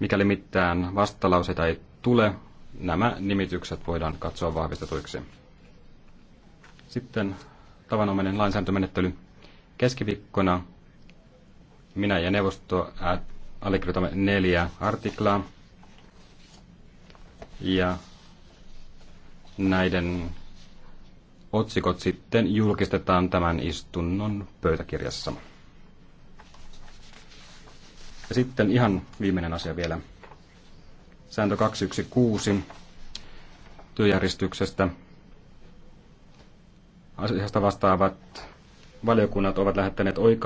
Mikäli mitään vastalauseita ei tule, nämä nimitykset voidaan katsoa vahvistetuiksi. Sitten tavanomainen lainsäädäntömenettely. Keskiviikkona minä ja neuvosto allekirjoitamme neljä artiklaa. Ja näiden otsikot sitten julkistetaan tämän istunnon pöytäkirjassa. Ja sitten ihan viimeinen asia vielä. Sääntö 216 työjärjestyksestä. Asiasta vastaavat valiokunnat ovat lähettäneet oikaisuja.